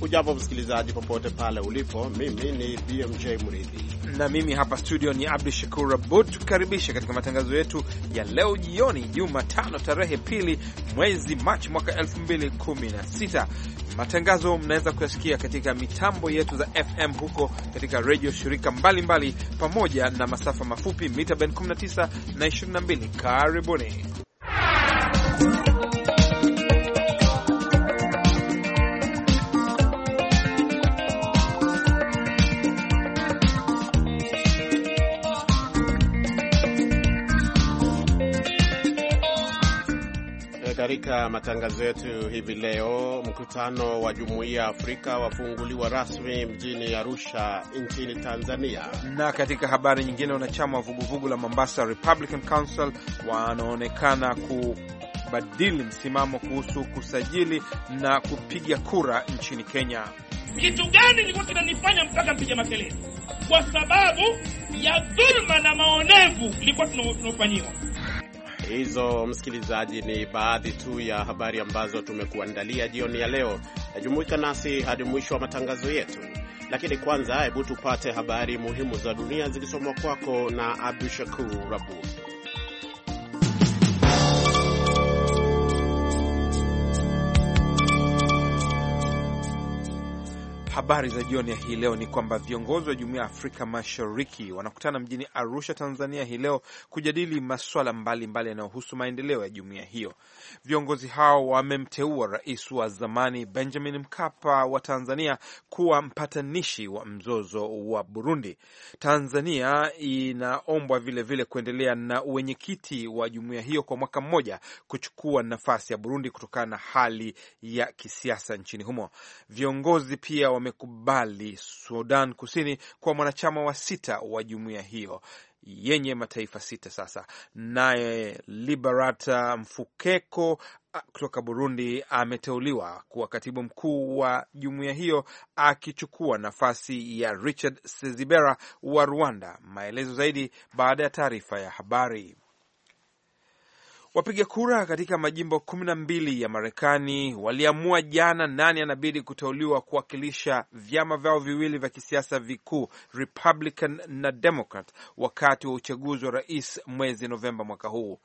Ujambo msikilizaji, popote pale ulipo. Mimi ni BMJ Mridhi na mimi hapa studio ni Abdu Shakur Abud, Tukaribishe katika matangazo yetu ya leo jioni, Jumatano tarehe pili mwezi Machi mwaka 2016. Matangazo mnaweza kuyasikia katika mitambo yetu za FM huko katika redio shirika mbalimbali mbali, pamoja na masafa mafupi mita ben 19 na 22. Karibuni katika matangazo yetu hivi leo, mkutano wa Jumuiya ya Afrika wafunguliwa rasmi mjini Arusha nchini Tanzania. Na katika habari nyingine, wanachama wa vuguvugu la Mombasa Republican Council wanaonekana kubadili msimamo kuhusu kusajili na kupiga kura nchini Kenya. Kitu gani kilikuwa kinanifanya mpaka mpiga makelele? Kwa sababu ya dhuluma na maonevu ilikuwa tunaofanyiwa. Hizo msikilizaji, ni baadhi tu ya habari ambazo tumekuandalia jioni ya leo. Najumuika nasi hadi mwisho wa matangazo yetu, lakini kwanza, hebu tupate habari muhimu za dunia zikisomwa kwako na Abdu Shakur Abud. Habari za jioni ya hii leo ni kwamba viongozi wa Jumuiya ya Afrika Mashariki wanakutana mjini Arusha, Tanzania hii leo kujadili masuala mbalimbali yanayohusu maendeleo ya jumuiya hiyo. Viongozi hao wamemteua rais wa zamani Benjamin Mkapa wa Tanzania kuwa mpatanishi wa mzozo wa Burundi. Tanzania inaombwa vilevile kuendelea na uwenyekiti wa jumuiya hiyo kwa mwaka mmoja, kuchukua nafasi ya Burundi kutokana na hali ya kisiasa nchini humo. Viongozi pia wame amekubali Sudan Kusini kwa mwanachama wa sita wa jumuiya hiyo yenye mataifa sita sasa. Naye Liberata Mfukeko kutoka Burundi ameteuliwa kuwa katibu mkuu wa jumuiya hiyo akichukua nafasi ya Richard Sezibera wa Rwanda. Maelezo zaidi baada ya taarifa ya habari. Wapiga kura katika majimbo kumi na mbili ya Marekani waliamua jana nani anabidi kuteuliwa kuwakilisha vyama vyao viwili vya kisiasa vikuu, Republican na Democrat, wakati wa uchaguzi wa rais mwezi Novemba mwaka huu.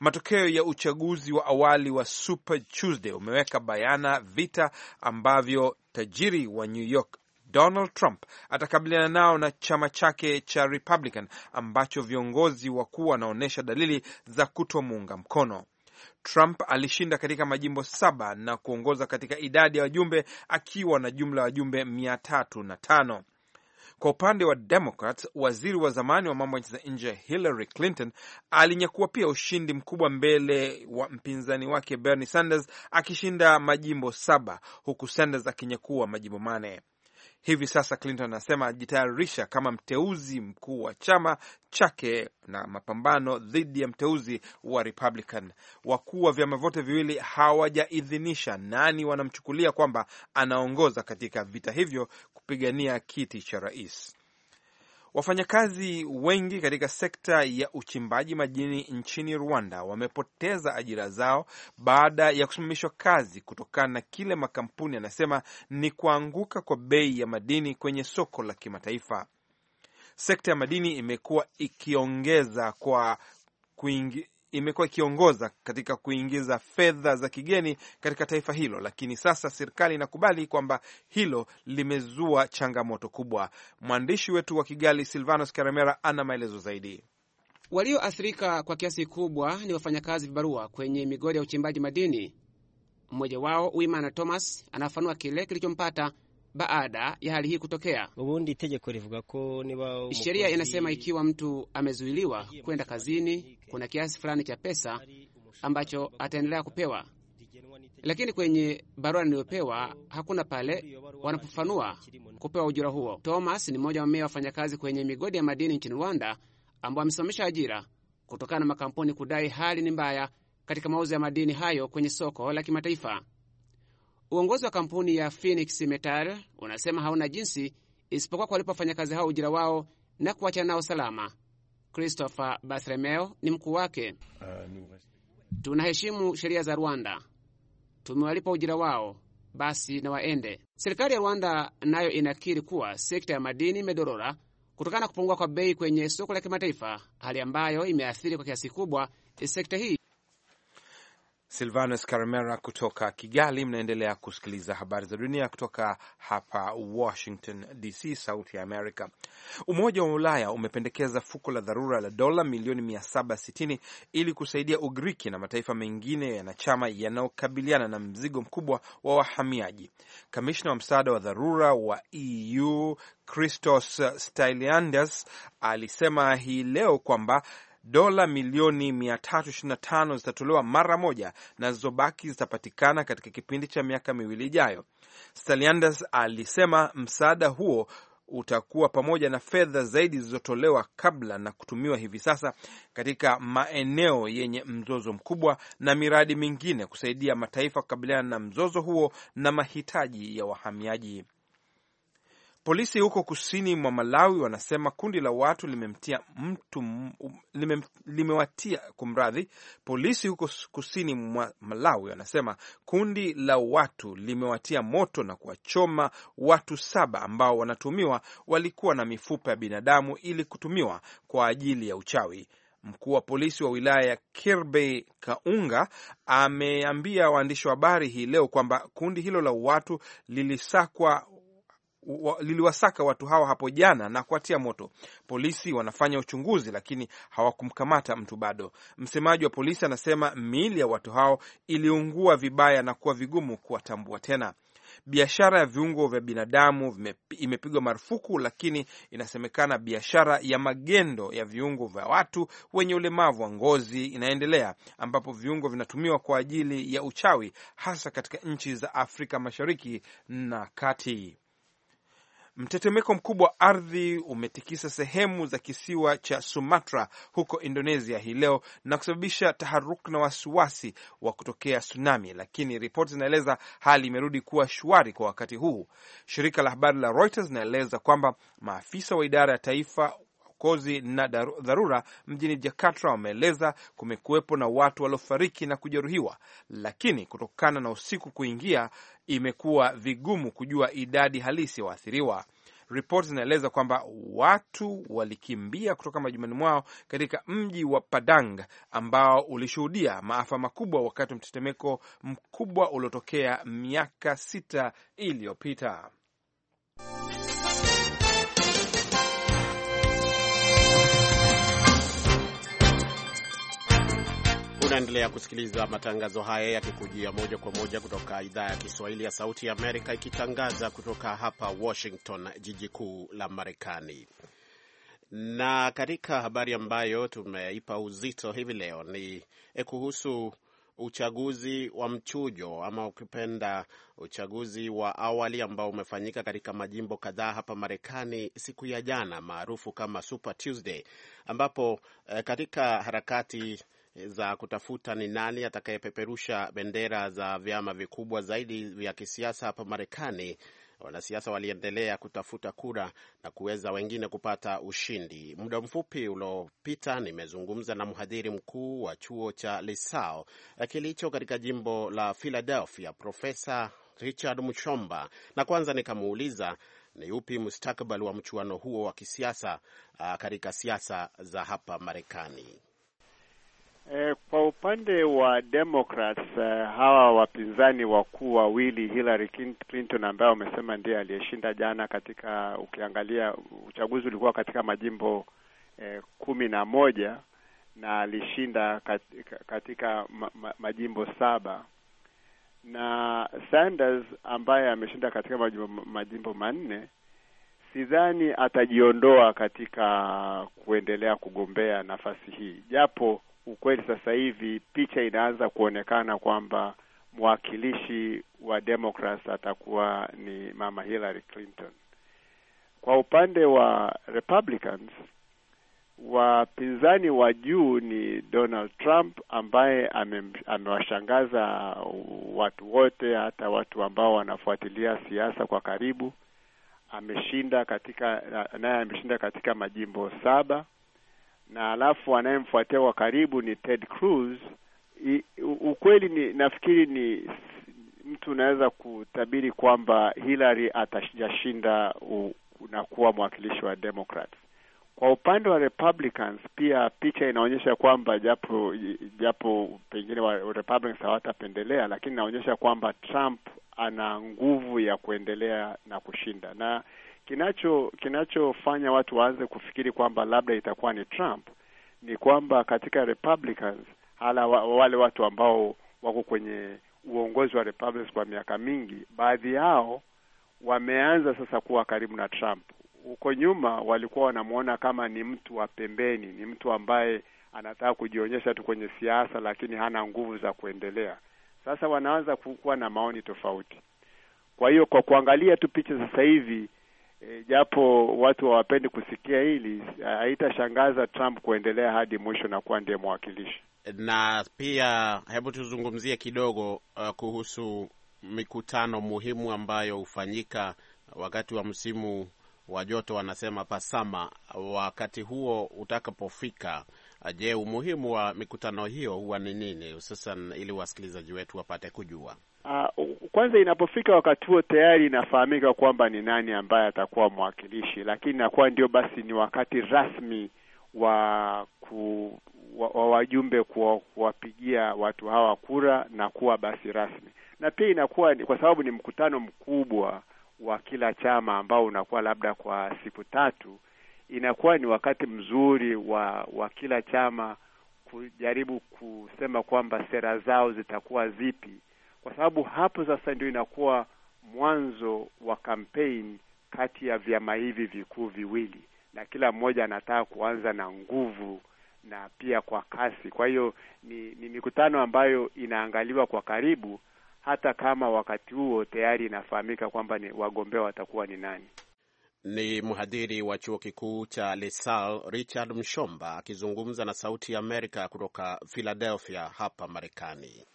Matokeo ya uchaguzi wa awali wa Super Tuesday umeweka bayana vita ambavyo tajiri wa New York Donald Trump atakabiliana nao na chama chake cha Republican ambacho viongozi wakuu wanaonyesha dalili za kutomuunga mkono. Trump alishinda katika majimbo saba na kuongoza katika idadi ya wajumbe akiwa na jumla ya wajumbe mia tatu na tano. Kwa upande wa Democrats, waziri wa zamani wa mambo ya nchi za nje Hillary Clinton alinyakua pia ushindi mkubwa mbele wa mpinzani wake Bernie Sanders akishinda majimbo saba huku Sanders akinyakua majimbo mane. Hivi sasa Clinton anasema ajitayarisha kama mteuzi mkuu wa chama chake na mapambano dhidi ya mteuzi wa Republican. Wakuu wa vyama vyote viwili hawajaidhinisha nani wanamchukulia kwamba anaongoza katika vita hivyo kupigania kiti cha rais. Wafanyakazi wengi katika sekta ya uchimbaji madini nchini Rwanda wamepoteza ajira zao baada ya kusimamishwa kazi kutokana na kile makampuni yanasema ni kuanguka kwa bei ya madini kwenye soko la kimataifa. Sekta ya madini imekuwa ikiongeza kwa kuingi imekuwa ikiongoza katika kuingiza fedha za kigeni katika taifa hilo, lakini sasa serikali inakubali kwamba hilo limezua changamoto kubwa. Mwandishi wetu wa Kigali, Silvanos Karemera, ana maelezo zaidi. Walioathirika kwa kiasi kubwa ni wafanyakazi vibarua kwenye migodi ya uchimbaji madini. Mmoja wao wimana Thomas anafanua kile kilichompata baada ya hali hii kutokea. Ubundi tegeko rivuga ko niba sheria inasema ikiwa mtu amezuiliwa kwenda kazini, kuna kiasi fulani cha pesa ambacho ataendelea kupewa, lakini kwenye barua niliyopewa hakuna pale wanapofanua kupewa ujira huo. Thomas ni mmoja wa mamia wafanyakazi kwenye migodi ya madini nchini Rwanda ambao amesimamisha ajira kutokana na makampuni kudai hali ni mbaya katika mauzo ya madini hayo kwenye soko la kimataifa. Uongozi wa kampuni ya Phoenix Metal unasema hauna jinsi isipokuwa kuwalipa wafanyakazi hao ujira wao na kuwachana nao salama. Christopher bathremeo ni mkuu wake. tunaheshimu sheria za Rwanda, tumewalipa ujira wao, basi na waende. Serikali ya Rwanda nayo inakiri kuwa sekta ya madini imedorora kutokana na kupungua kwa bei kwenye soko la kimataifa, hali ambayo imeathiri kwa kiasi kubwa sekta hii. Silvanus Karemera kutoka Kigali. Mnaendelea kusikiliza habari za dunia kutoka hapa Washington DC, sauti ya Amerika. Umoja wa Ulaya umependekeza fuko la dharura la dola milioni 760 ili kusaidia Ugiriki na mataifa mengine yanachama yanayokabiliana na mzigo mkubwa wa wahamiaji. Kamishna wa msaada wa dharura wa EU Christos Stylianides alisema hii leo kwamba dola milioni 325 zitatolewa mara moja na zilizobaki zitapatikana katika kipindi cha miaka miwili ijayo. Stalianders alisema msaada huo utakuwa pamoja na fedha zaidi zilizotolewa kabla na kutumiwa hivi sasa katika maeneo yenye mzozo mkubwa na miradi mingine kusaidia mataifa kukabiliana na mzozo huo na mahitaji ya wahamiaji. Polisi huko kusini mwa Malawi wanasema kundi la watu limemtia mtu um, lime, limewatia kumradhi. Polisi huko kusini mwa Malawi wanasema kundi la watu limewatia moto na kuwachoma watu saba ambao wanatumiwa walikuwa na mifupa ya binadamu ili kutumiwa kwa ajili ya uchawi. Mkuu wa polisi wa wilaya ya Kirbe Kaunga ameambia waandishi wa habari hii leo kwamba kundi hilo la watu lilisakwa wa, liliwasaka watu hawa hapo jana na kuatia moto. Polisi wanafanya uchunguzi, lakini hawakumkamata mtu bado. Msemaji wa polisi anasema miili ya watu hao iliungua vibaya na kuwa vigumu kuwatambua tena. Biashara ya viungo vya binadamu imepigwa marufuku, lakini inasemekana biashara ya magendo ya viungo vya watu wenye ulemavu wa ngozi inaendelea, ambapo viungo vinatumiwa kwa ajili ya uchawi, hasa katika nchi za Afrika Mashariki na Kati. Mtetemeko mkubwa wa ardhi umetikisa sehemu za kisiwa cha Sumatra huko Indonesia hii leo na kusababisha taharuki na wasiwasi wa kutokea tsunami, lakini ripoti zinaeleza hali imerudi kuwa shwari kwa wakati huu. Shirika la habari la Reuters linaeleza kwamba maafisa wa idara ya taifa uokozi na dharura mjini Jakarta wameeleza kumekuwepo na watu waliofariki na kujeruhiwa, lakini kutokana na usiku kuingia, imekuwa vigumu kujua idadi halisi ya waathiriwa. Ripoti zinaeleza kwamba watu walikimbia kutoka majumbani mwao katika mji wa Padang ambao ulishuhudia maafa makubwa wakati wa mtetemeko mkubwa uliotokea miaka sita iliyopita. Unaendelea kusikiliza matangazo haya yakikujia moja kwa moja kutoka idhaa ya Kiswahili ya Sauti ya Amerika, ikitangaza kutoka hapa Washington, jiji kuu la Marekani. Na katika habari ambayo tumeipa uzito hivi leo ni eh, kuhusu uchaguzi wa mchujo ama ukipenda uchaguzi wa awali ambao umefanyika katika majimbo kadhaa hapa Marekani siku ya jana, maarufu kama Super Tuesday, ambapo eh, katika harakati Eh, za kutafuta ni nani atakayepeperusha bendera za vyama vikubwa zaidi vya kisiasa hapa Marekani, wanasiasa waliendelea kutafuta kura na kuweza wengine kupata ushindi. Muda mfupi uliopita nimezungumza na mhadhiri mkuu wa chuo cha Lisao eh, kilicho katika jimbo la Philadelphia, Profesa Richard Mchomba, na kwanza nikamuuliza ni upi mustakabali wa mchuano huo wa kisiasa ah, katika siasa za hapa Marekani. Eh, kwa upande wa Democrats eh, hawa wapinzani wakuu wawili Hillary Clinton ambaye wamesema ndiye aliyeshinda jana katika, ukiangalia uchaguzi ulikuwa katika majimbo eh, kumi na moja na alishinda katika, katika ma, ma, majimbo saba na Sanders ambaye ameshinda katika majimbo, majimbo manne sidhani atajiondoa katika kuendelea kugombea nafasi hii japo ukweli sasa hivi picha inaanza kuonekana kwamba mwakilishi wa Democrats atakuwa ni mama Hillary Clinton. Kwa upande wa Republicans, wapinzani wa juu ni Donald Trump ambaye amewashangaza watu wote, hata watu ambao wanafuatilia siasa kwa karibu. Ameshinda katika naye ameshinda katika majimbo saba na alafu anayemfuatia wa karibu ni Ted Cruz. I, ukweli ni nafikiri ni mtu unaweza kutabiri kwamba Hillary atajashinda na kuwa mwakilishi wa Democrats. Kwa upande wa Republicans pia picha inaonyesha kwamba japo japo pengine wa Republicans hawatapendelea, lakini inaonyesha kwamba Trump ana nguvu ya kuendelea na kushinda na Kinacho kinachofanya watu waanze kufikiri kwamba labda itakuwa ni Trump ni kwamba katika Republicans hala wa, wale watu ambao wako kwenye uongozi wa Republicans kwa miaka mingi, baadhi yao wameanza sasa kuwa karibu na Trump. Huko nyuma walikuwa wanamwona kama ni mtu wa pembeni, ni mtu ambaye anataka kujionyesha tu kwenye siasa, lakini hana nguvu za kuendelea. Sasa wanaanza kuwa na maoni tofauti. Kwa hiyo kwa kuangalia tu picha sasa hivi E, japo watu hawapendi kusikia hili, haitashangaza Trump kuendelea hadi mwisho na kuwa ndiye mwakilishi. Na pia hebu tuzungumzie kidogo uh, kuhusu mikutano muhimu ambayo hufanyika wakati wa msimu wa joto, wanasema pasama. Wakati huo utakapofika, uh, je, umuhimu wa mikutano hiyo huwa ni nini, hususan ili wasikilizaji wetu wapate kujua? Uh, kwanza inapofika wakati huo tayari inafahamika kwamba ni nani ambaye atakuwa mwakilishi, lakini inakuwa ndio basi ni wakati rasmi wa ku, wa, wa wajumbe kuwapigia watu hawa kura na kuwa basi rasmi, na pia inakuwa kwa sababu ni mkutano mkubwa wa kila chama ambao unakuwa labda kwa siku tatu, inakuwa ni wakati mzuri wa wa kila chama kujaribu kusema kwamba sera zao zitakuwa zipi kwa sababu hapo sasa ndio inakuwa mwanzo wa kampeni kati ya vyama hivi vikuu viwili, na kila mmoja anataka kuanza na nguvu na pia kwa kasi. Kwa hiyo ni, ni mikutano ambayo inaangaliwa kwa karibu, hata kama wakati huo tayari inafahamika kwamba ni wagombea watakuwa ni nani. Ni mhadhiri wa chuo kikuu cha LaSalle Richard Mshomba akizungumza na Sauti ya Amerika kutoka Philadelphia hapa Marekani.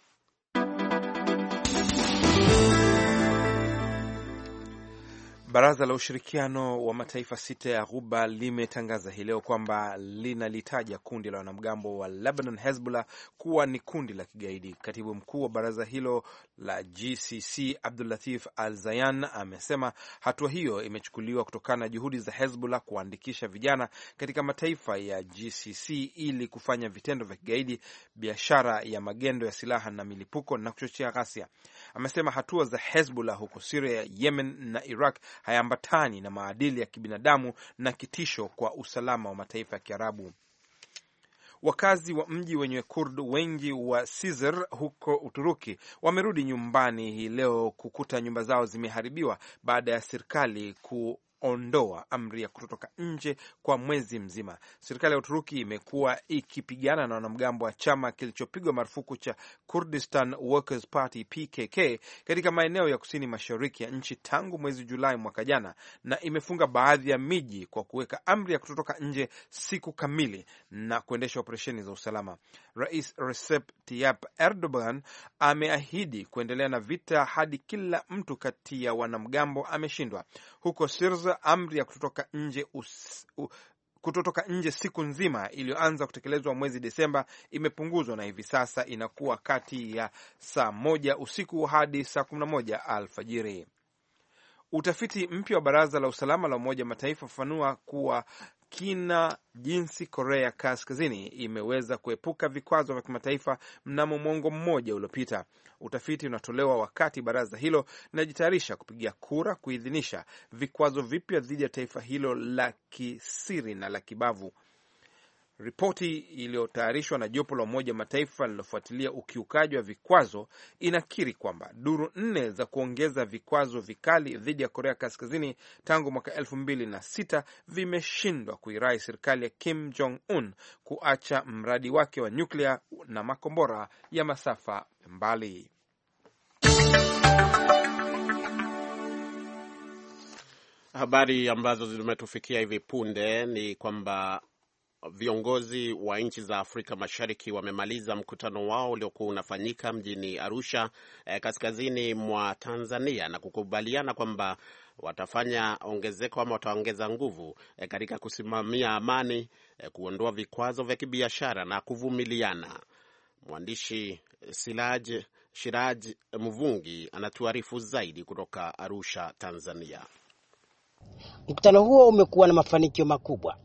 Baraza la Ushirikiano wa Mataifa sita ya Ghuba limetangaza hii leo kwamba linalitaja kundi la wanamgambo wa Lebanon, Hezbollah, kuwa ni kundi la kigaidi. Katibu mkuu wa baraza hilo la GCC Latif Al Zayan amesema hatua hiyo imechukuliwa kutokana na juhudi za Hezbollah kuandikisha vijana katika mataifa ya GCC ili kufanya vitendo vya kigaidi, biashara ya magendo ya silaha na milipuko na kuchochea ghasia amesema hatua za Hezbollah huko Siria, Yemen na Iraq hayaambatani na maadili ya kibinadamu na kitisho kwa usalama wa mataifa ya Kiarabu. Wakazi wa mji wenye Kurd wengi wa Cizre huko Uturuki wamerudi nyumbani hii leo kukuta nyumba zao zimeharibiwa baada ya serikali ku ondoa amri ya kutotoka nje kwa mwezi mzima. Serikali ya Uturuki imekuwa ikipigana na wanamgambo wa chama kilichopigwa marufuku cha Kurdistan Workers Party PKK katika maeneo ya kusini mashariki ya nchi tangu mwezi Julai mwaka jana, na imefunga baadhi ya miji kwa kuweka amri ya kutotoka nje siku kamili na kuendesha operesheni za usalama. Rais Recep Tayyip Erdogan ameahidi kuendelea na vita hadi kila mtu kati ya wanamgambo ameshindwa. Huko Sirza kutekelezwa amri ya kutotoka nje us, u, kutotoka nje siku nzima iliyoanza kutekelezwa mwezi Desemba imepunguzwa na hivi sasa inakuwa kati ya saa moja usiku hadi saa kumi na moja alfajiri. Utafiti mpya wa Baraza la Usalama la Umoja wa Mataifa ufafanua kuwa kina jinsi Korea Kaskazini imeweza kuepuka vikwazo vya kimataifa mnamo mwongo mmoja uliopita. Utafiti unatolewa wakati baraza hilo linajitayarisha kupigia kura kuidhinisha vikwazo vipya dhidi ya taifa hilo la kisiri na la kibavu. Ripoti iliyotayarishwa na jopo la Umoja wa Mataifa lilofuatilia ukiukaji wa vikwazo inakiri kwamba duru nne za kuongeza vikwazo vikali dhidi ya Korea Kaskazini tangu mwaka elfu mbili na sita vimeshindwa kuirai serikali ya Kim Jong Un kuacha mradi wake wa nyuklia na makombora ya masafa mbali. Habari ambazo zimetufikia hivi punde ni kwamba Viongozi wa nchi za Afrika Mashariki wamemaliza mkutano wao uliokuwa unafanyika mjini Arusha, eh, kaskazini mwa Tanzania na kukubaliana kwamba watafanya ongezeko ama wataongeza nguvu eh, katika kusimamia amani eh, kuondoa vikwazo vya kibiashara na kuvumiliana. Mwandishi Silaj Shiraj Mvungi anatuarifu zaidi kutoka Arusha, Tanzania. Mkutano huo umekuwa na mafanikio makubwa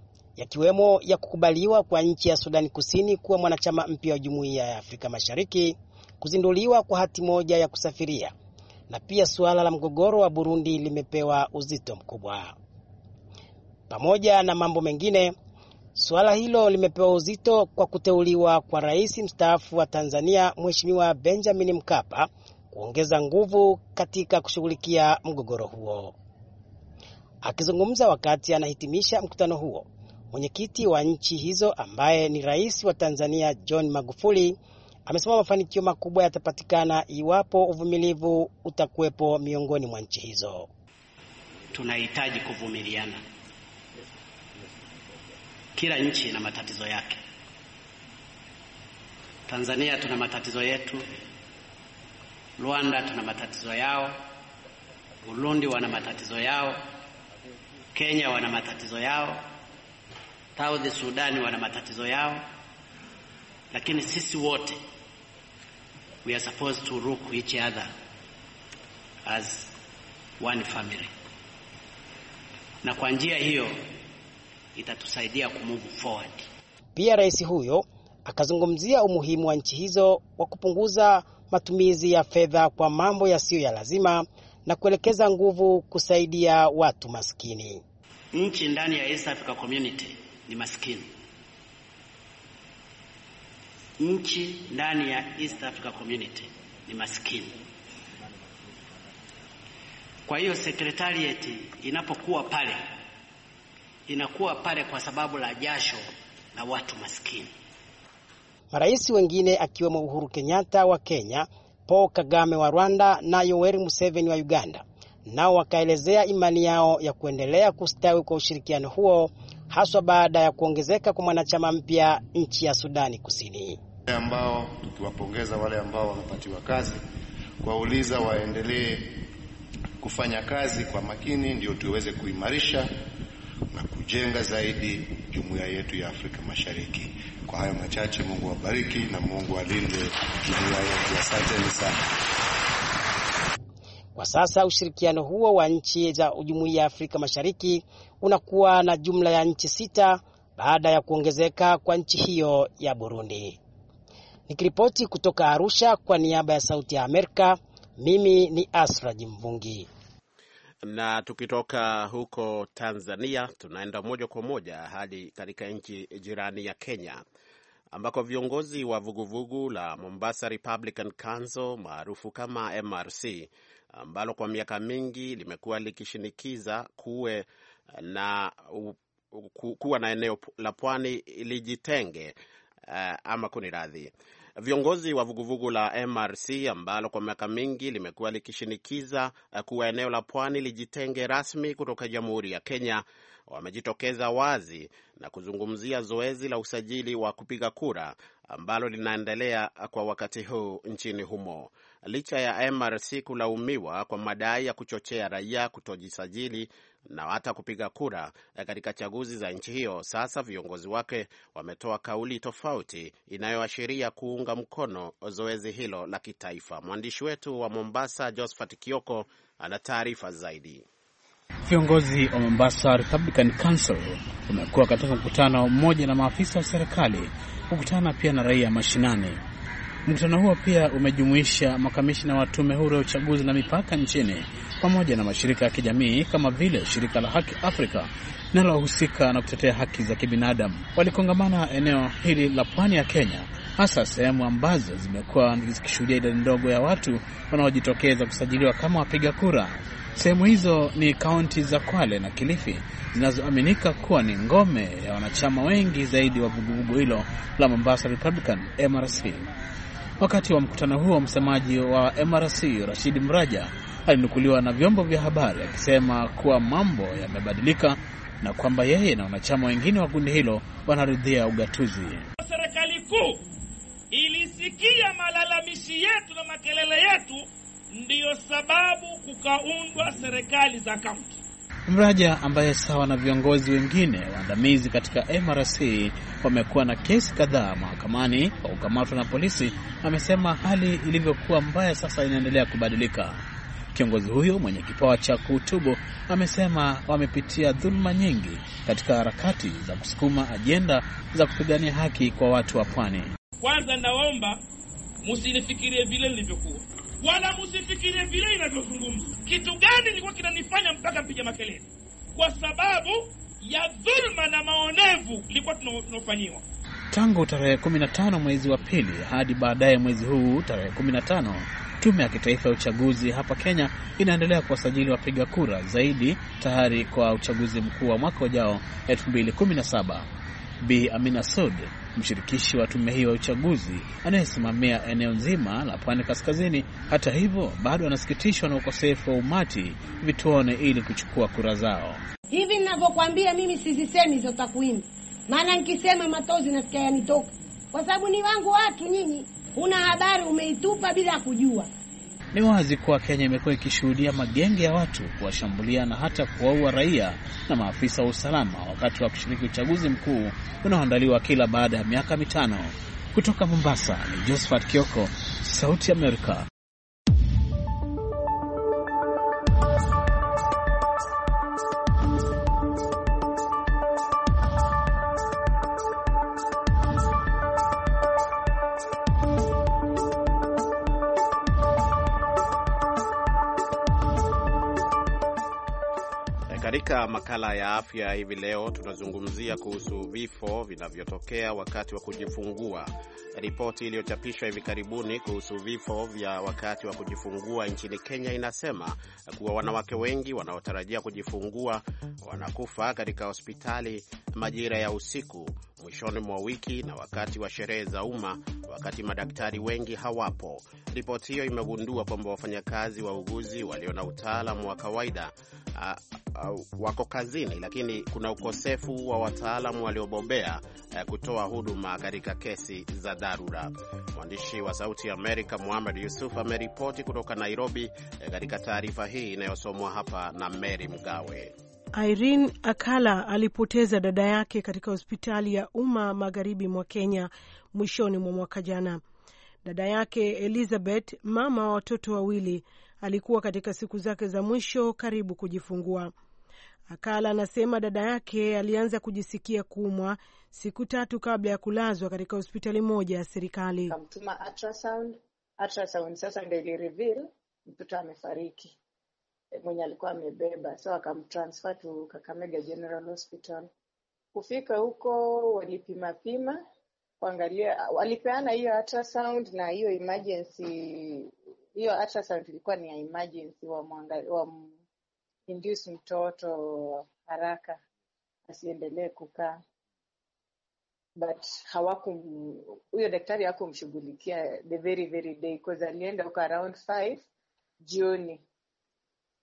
yakiwemo ya kukubaliwa kwa nchi ya Sudani Kusini kuwa mwanachama mpya wa Jumuiya ya Afrika Mashariki, kuzinduliwa kwa hati moja ya kusafiria na pia suala la mgogoro wa Burundi limepewa uzito mkubwa. Pamoja na mambo mengine, suala hilo limepewa uzito kwa kuteuliwa kwa rais mstaafu wa Tanzania Mheshimiwa Benjamin Mkapa kuongeza nguvu katika kushughulikia mgogoro huo. Akizungumza wakati anahitimisha mkutano huo, Mwenyekiti wa nchi hizo ambaye ni rais wa Tanzania John Magufuli amesema mafanikio makubwa yatapatikana iwapo uvumilivu utakuwepo miongoni mwa nchi hizo. Tunahitaji kuvumiliana. Kila nchi ina matatizo yake. Tanzania tuna matatizo yetu, Rwanda tuna matatizo yao, Burundi wana matatizo yao, Kenya wana matatizo yao South Sudani wana matatizo yao, lakini sisi wote we are supposed to look each other as one family, na kwa njia hiyo itatusaidia kumove forward. Pia rais huyo akazungumzia umuhimu wa nchi hizo wa kupunguza matumizi ya fedha kwa mambo yasiyo ya lazima na kuelekeza nguvu kusaidia watu maskini. Nchi ndani ya East Africa Community ni maskini. Nchi ndani ya East Africa Community ni maskini. Kwa hiyo secretariat inapokuwa pale inakuwa pale kwa sababu la jasho la watu maskini. Marais wengine akiwemo Uhuru Kenyatta wa Kenya, Paul Kagame wa Rwanda na Yoweri Museveni wa Uganda nao wakaelezea imani yao ya kuendelea kustawi kwa ushirikiano huo haswa baada ya kuongezeka kwa mwanachama mpya nchi ya Sudani Kusini. ambao tukiwapongeza wale ambao wamepatiwa kazi, kuwauliza waendelee kufanya kazi kwa makini, ndio tuweze kuimarisha na kujenga zaidi jumuiya yetu ya Afrika Mashariki. Kwa hayo machache, Mungu awabariki na Mungu alinde jumuiya yetu. Asanteni sana. Kwa sasa ushirikiano huo wa nchi za Jumuiya ya Afrika Mashariki unakuwa na jumla ya nchi sita baada ya kuongezeka kwa nchi hiyo ya Burundi. Nikiripoti kutoka Arusha kwa niaba ya Sauti ya Amerika, mimi ni Asraji Mvungi. Na tukitoka huko Tanzania tunaenda moja kwa moja hadi katika nchi jirani ya Kenya ambako viongozi wa vuguvugu la Mombasa Republican Council maarufu kama MRC ambalo kwa miaka mingi limekuwa likishinikiza kuwe na kuwa na eneo la pwani lijitenge uh, ama radhi viongozi wa vuguvugu la MRC ambalo kwa miaka mingi limekuwa likishinikiza eh, kuwa eneo la pwani lijitenge rasmi kutoka Jamhuri ya Kenya wamejitokeza wazi na kuzungumzia zoezi la usajili wa kupiga kura ambalo linaendelea kwa wakati huu nchini humo licha ya MRC kulaumiwa kwa madai ya kuchochea raia kutojisajili na hata kupiga kura eh, katika chaguzi za nchi hiyo. Sasa viongozi wake wametoa kauli tofauti inayoashiria kuunga mkono zoezi hilo la kitaifa. Mwandishi wetu wa Mombasa, Josphat Kioko, ana taarifa zaidi. Viongozi wa Mombasa Republican Council wamekuwa katika mkutano mmoja na maafisa wa serikali, kukutana pia na raia mashinani. Mkutano huo pia umejumuisha makamishina wa tume huru ya uchaguzi na mipaka nchini pamoja na mashirika ya kijamii kama vile shirika la Haki Afrika linalohusika na kutetea haki za kibinadamu. Walikongamana eneo hili la pwani ya Kenya, hasa sehemu ambazo zimekuwa zikishuhudia idadi ndogo ya watu wanaojitokeza kusajiliwa kama wapiga kura. Sehemu hizo ni kaunti za Kwale na Kilifi zinazoaminika kuwa ni ngome ya wanachama wengi zaidi wa vuguvugu hilo la Mombasa Republican MRC. Wakati wa mkutano huo, msemaji wa MRC Rashid Mraja alinukuliwa na vyombo vya habari akisema kuwa mambo yamebadilika na kwamba yeye na wanachama wengine wa kundi hilo wanaridhia ugatuzi. Serikali kuu ilisikia malalamishi yetu na makelele yetu, ndiyo sababu kukaundwa serikali za kaunti. Mraja ambaye sawa na viongozi wengine waandamizi katika MRC wamekuwa na kesi kadhaa mahakamani kwa kukamatwa na polisi, amesema hali ilivyokuwa mbaya sasa inaendelea kubadilika. Kiongozi huyo mwenye kipawa cha kuhutubu amesema wamepitia dhuluma nyingi katika harakati za kusukuma ajenda za kupigania haki kwa watu wa pwani. Kwanza naomba msinifikirie vile nilivyokuwa wala musifikirie vile inavyozungumzwa. Kitu gani ilikuwa kinanifanya mpaka mpiga makelele? Kwa sababu ya dhulma na maonevu ilikuwa tunaofanyiwa tangu tarehe 15 mwezi wa pili hadi baadaye mwezi huu tarehe 15. Tume ya Kitaifa ya Uchaguzi hapa Kenya inaendelea kuwasajili wapiga kura zaidi tayari kwa uchaguzi mkuu wa mwaka ujao 2017. Bi Amina Sud mshirikishi wa tume hiyo ya uchaguzi anayesimamia eneo nzima la pwani kaskazini. Hata hivyo, bado anasikitishwa na ukosefu wa umati vituone ili kuchukua kura zao. Hivi ninavyokwambia mimi sizisemi hizo takwimu, maana nikisema matozi nasikia yanitoka, kwa sababu ni wangu watu. Nyinyi una habari umeitupa bila kujua. Ni wazi kuwa Kenya imekuwa ikishuhudia magenge ya watu kuwashambulia na hata kuwaua raia na maafisa wa usalama wakati wa kushiriki uchaguzi mkuu unaoandaliwa kila baada ya miaka mitano. Kutoka Mombasa ni Josephat Kioko, Sauti ya Amerika. Katika makala ya afya hivi leo tunazungumzia kuhusu vifo vinavyotokea wakati wa kujifungua. Ripoti iliyochapishwa hivi karibuni kuhusu vifo vya wakati wa kujifungua nchini Kenya inasema kuwa wanawake wengi wanaotarajia kujifungua wanakufa katika hospitali majira ya usiku, mwishoni mwa wiki na wakati wa sherehe za umma, wakati madaktari wengi hawapo. Ripoti hiyo imegundua kwamba wafanyakazi wa uguzi walio na utaalamu wa kawaida a, a, wako kazini, lakini kuna ukosefu wa wataalamu waliobobea kutoa huduma katika kesi za dharura. Mwandishi wa Sauti ya Amerika Muhamed Yusuf ameripoti kutoka Nairobi e, katika taarifa hii inayosomwa hapa na Mary Mgawe. Irene Akala alipoteza dada yake katika hospitali ya umma magharibi mwa Kenya mwishoni mwa mwaka jana. Dada yake Elizabeth, mama wa watoto wawili, alikuwa katika siku zake za mwisho karibu kujifungua. Akala anasema dada yake alianza kujisikia kuumwa siku tatu kabla ya kulazwa katika hospitali moja ya serikali. Kamtuma ultrasound, ultrasound sasa ndio mtoto amefariki mwenye alikuwa amebeba, so akamtransfer to Kakamega General Hospital. Kufika huko walipima pima kuangalia, walipeana hiyo ultrasound na hiyo emergency. Hiyo ultrasound ilikuwa ni ya emergency, waminduce mtoto haraka asiendelee kukaa but hawakum huyo daktari hakumshughulikia the very very day cause alienda huko around 5 jioni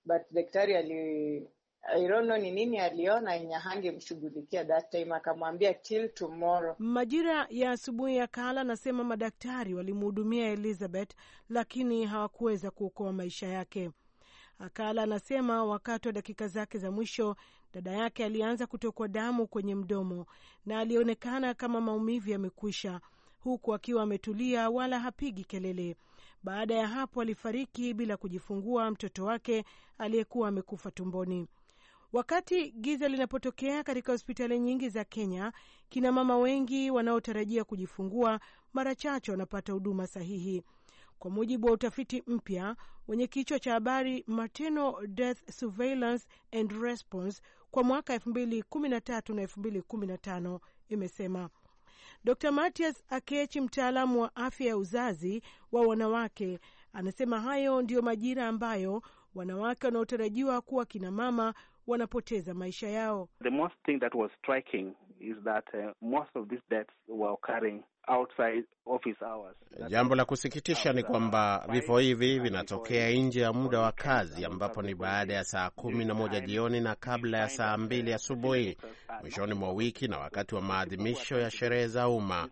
but daktari ali I don't know ni nini aliona yenye hangemshughulikia that time, akamwambia till tomorrow. Majira ya asubuhi ya Kala anasema madaktari walimhudumia Elizabeth lakini hawakuweza kuokoa maisha yake. Akala anasema wakati wa dakika zake za mwisho dada yake alianza kutokwa damu kwenye mdomo na alionekana kama maumivu yamekwisha, huku akiwa ametulia wala hapigi kelele. Baada ya hapo, alifariki bila kujifungua mtoto wake aliyekuwa amekufa tumboni. Wakati giza linapotokea katika hospitali nyingi za Kenya, kina mama wengi wanaotarajia kujifungua mara chache wanapata huduma sahihi. Kwa mujibu wa utafiti mpya wenye kichwa cha habari Maternal Death Surveillance and Response kwa mwaka 2013 na 2015 imesema Dr Matias Akechi, mtaalamu wa afya ya uzazi wa wanawake, anasema hayo ndiyo majira ambayo wanawake wanaotarajiwa kuwa kina mama wanapoteza maisha yao. The most thing that was striking is that uh, most of these deaths were occurring outside office hours. Jambo la kusikitisha ni kwamba vifo hivi vinatokea nje ya muda wa kazi, ambapo ni baada ya saa kumi na moja jioni na kabla ya saa mbili asubuhi mwishoni mwa wiki na wakati wa maadhimisho ya sherehe za umma.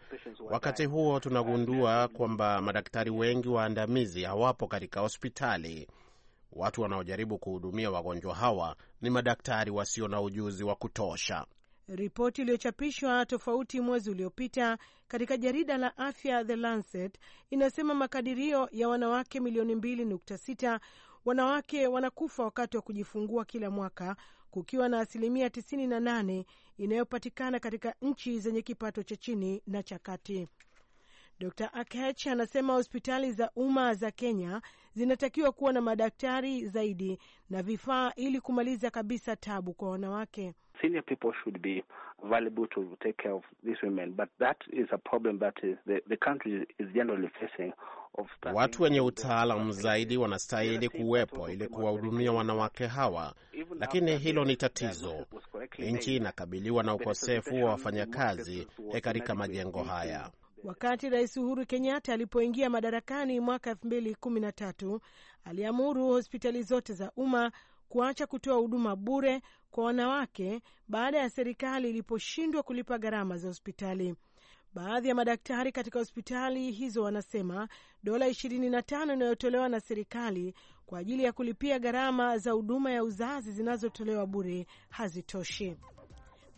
Wakati huo tunagundua kwamba madaktari wengi waandamizi hawapo katika hospitali. Watu wanaojaribu kuhudumia wagonjwa hawa ni madaktari wasio na ujuzi wa kutosha. Ripoti iliyochapishwa tofauti mwezi uliopita katika jarida la afya The Lancet inasema makadirio ya wanawake milioni 2.6 wanawake wanakufa wakati wa kujifungua kila mwaka, kukiwa na asilimia 98 inayopatikana katika nchi zenye kipato cha chini na cha kati. Dr Akech anasema hospitali za umma za Kenya zinatakiwa kuwa na madaktari zaidi na vifaa ili kumaliza kabisa tabu kwa wanawake senior people should be available to take care of these women, but that is a problem that is the, the country is generally facing. Of watu wenye utaalam zaidi wanastahili kuwepo ili kuwahudumia wanawake hawa, lakini hilo ni tatizo. Nchi inakabiliwa na ukosefu wa wafanyakazi eh, katika majengo haya. Wakati Rais Uhuru Kenyatta alipoingia madarakani mwaka 2013 aliamuru hospitali zote za umma kuacha kutoa huduma bure kwa wanawake baada ya serikali iliposhindwa kulipa gharama za hospitali. Baadhi ya madaktari katika hospitali hizo wanasema dola 25 inayotolewa na serikali kwa ajili ya kulipia gharama za huduma ya uzazi zinazotolewa bure hazitoshi.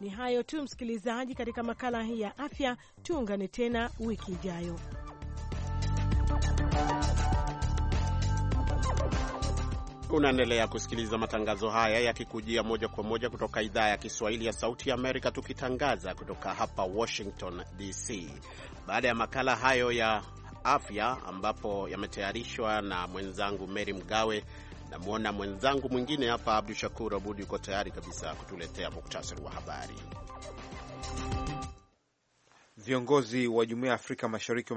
Ni hayo tu msikilizaji, katika makala hii ya afya. Tuungane tena wiki ijayo. Unaendelea kusikiliza matangazo haya yakikujia moja kwa moja kutoka idhaa ya Kiswahili ya Sauti ya Amerika, tukitangaza kutoka hapa Washington DC. Baada ya makala hayo ya afya, ambapo yametayarishwa na mwenzangu Mary Mgawe, namwona mwenzangu mwingine hapa Abdu Shakur Abudi, uko tayari kabisa kutuletea muktasari wa habari. Viongozi wa Jumuiya ya Afrika Mashariki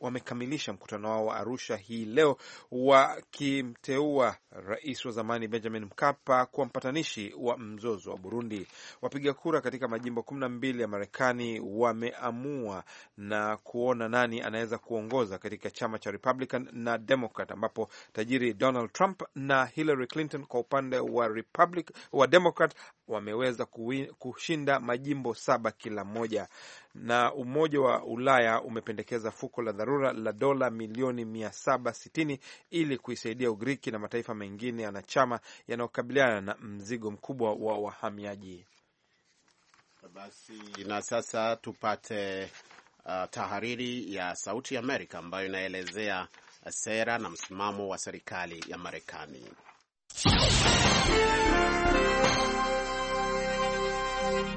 wamekamilisha mkutano wao wa Arusha hii leo wakimteua rais wa zamani Benjamin Mkapa kuwa mpatanishi wa mzozo wa Burundi. Wapiga kura katika majimbo kumi na mbili ya Marekani wameamua na kuona nani anaweza kuongoza katika chama cha Republican na Democrat, ambapo tajiri Donald Trump na Hillary Clinton kwa upande wa Republic, wa Democrat wameweza kushinda majimbo saba kila moja, na Umoja wa Ulaya umependekeza fuko la dharura la dola milioni 760 ili kuisaidia Ugiriki na mataifa mengine yanachama yanayokabiliana na mzigo mkubwa wa wahamiaji. Basi na sasa tupate uh, tahariri ya Sauti ya Amerika ambayo inaelezea sera na msimamo wa serikali ya Marekani.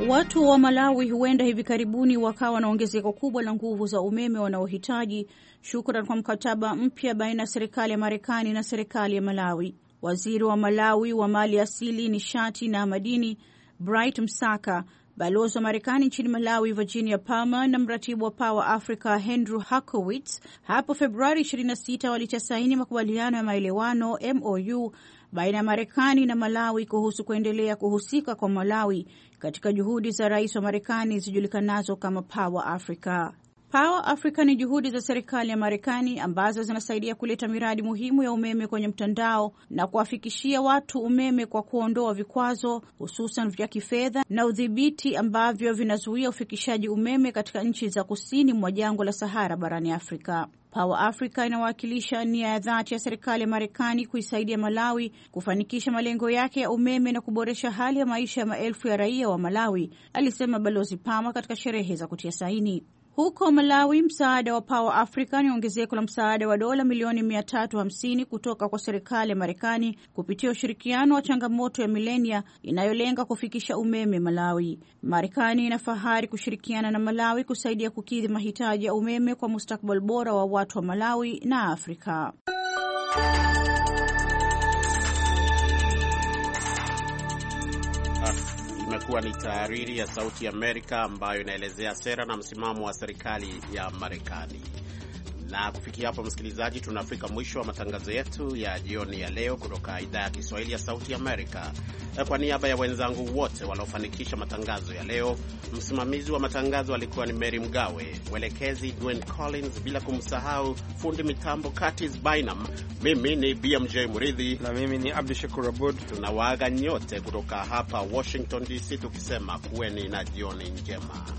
Watu wa Malawi huenda hivi karibuni wakawa na ongezeko kubwa la nguvu za umeme wanaohitaji, shukran kwa mkataba mpya baina ya serikali ya Marekani na serikali ya Malawi. Waziri wa Malawi wa mali asili, nishati na madini, Bright Msaka, balozi wa Marekani nchini Malawi Virginia Palmer na mratibu wa Power Africa Andrew Hakowitz hapo Februari 26 walitia saini makubaliano ya maelewano MOU baina ya Marekani na Malawi kuhusu kuendelea kuhusika kwa Malawi katika juhudi za rais wa Marekani zijulikanazo kama Power Africa. Power Africa ni juhudi za serikali ya Marekani ambazo zinasaidia kuleta miradi muhimu ya umeme kwenye mtandao na kuwafikishia watu umeme kwa kuondoa vikwazo, hususan vya kifedha na udhibiti, ambavyo vinazuia ufikishaji umeme katika nchi za kusini mwa jangwa la Sahara barani Afrika. Power Africa inawakilisha nia ya dhati ya serikali ya Marekani kuisaidia Malawi kufanikisha malengo yake ya umeme na kuboresha hali ya maisha ya maelfu ya raia wa Malawi, alisema Balozi Pama katika sherehe za kutia saini. Huko Malawi, msaada wa Power Africa ni ongezeko la msaada wa dola milioni 350 kutoka kwa serikali ya Marekani kupitia ushirikiano wa changamoto ya milenia inayolenga kufikisha umeme Malawi. Marekani ina fahari kushirikiana na Malawi kusaidia kukidhi mahitaji ya umeme kwa mustakbal bora wa watu wa Malawi na Afrika. itakuwa ni tahariri ya Sauti ya Amerika ambayo inaelezea sera na msimamo wa serikali ya Marekani. Na kufikia hapo, msikilizaji, tunafika mwisho wa matangazo yetu ya jioni ya leo kutoka idhaa ya Kiswahili ya Sauti Amerika. Kwa niaba ya wenzangu wote waliofanikisha matangazo ya leo, msimamizi wa matangazo alikuwa ni Mary Mgawe, mwelekezi Gwen Collins, bila kumsahau fundi mitambo Curtis Bynum. Mimi ni BMJ Muridhi na mimi ni Abdu Shakur Abud. Tunawaaga nyote kutoka hapa Washington DC tukisema kuweni na jioni njema.